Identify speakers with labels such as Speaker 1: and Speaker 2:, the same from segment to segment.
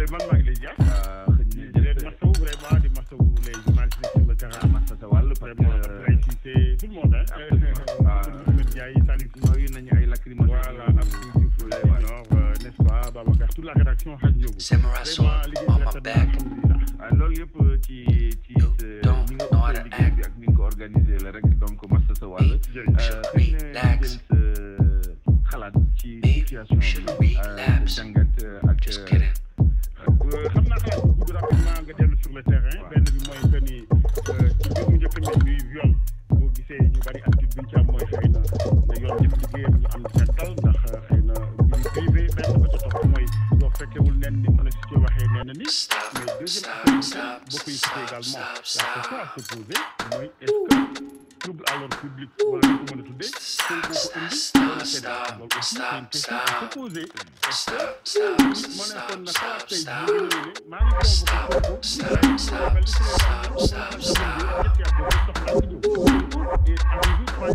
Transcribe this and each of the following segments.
Speaker 1: lay man maa ngi lay jaar. Ah, xëy na leen masawu vraiment di masawu les journalistes sur le terrain. Ah, masa sa wàll parce que vraiment Cissé tout le monde ah. waaw ah, yooyu nañu ay lacrymogènes. voilà am na ñu fure n'est-ce pas Babacar toute la rédaction xaj Ndiobo. vraiment liggéey loolu yëpp euh, ci ci ñi euh, nga ko liggéey bi ak ni nga ko organisé la rek donc masa sa wàll. Euh, xëy na jël sa xalaat ci situation bi jàngat ak. xam naa xalaat bu gudd rapidement nga dellu sur bi mooy que ni ci biir mu njëkk mel ni yoon boo gisee ñu bari attitude bi ñu ci am mooy xëy na ne yoon ba ca topp mooy loo fekkewul nen ni mën a si ci waxee nee na ni mais deuxième question bokk yi également la question à trouble à l'ordre public wala ñu ko mën a tuddee tey boo ko indi loolu c'est daal loolu aussi c'est une question à se poser ma ne kon nag xalaat tey jii ñu ne maa ngi convoqué kooku ñu mel ni Sénégal ñu ko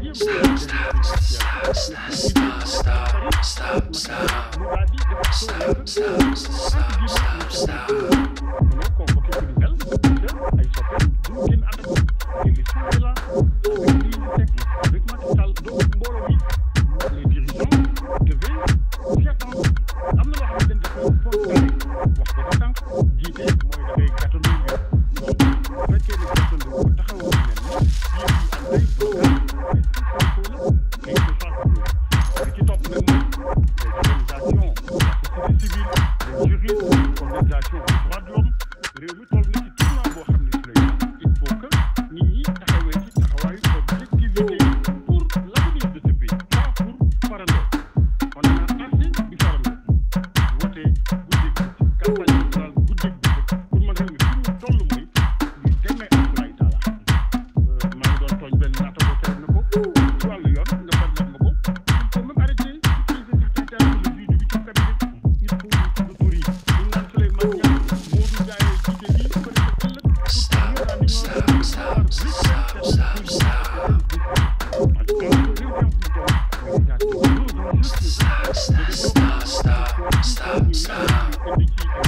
Speaker 1: ñetti at dafa soxla ñu et arrivé troisième mu daal di def soo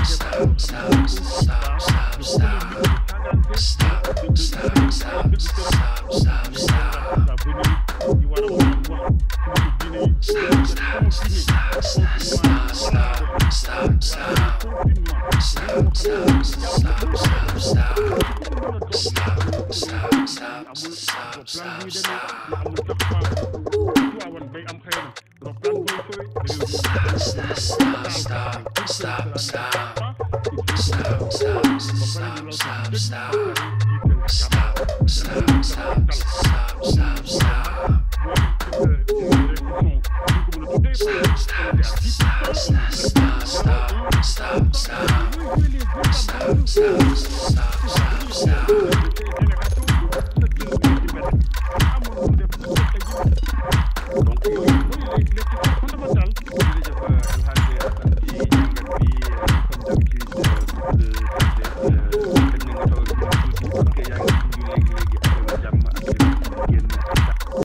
Speaker 1: stop, stop, stop. stop, stop, stop, stop, stop.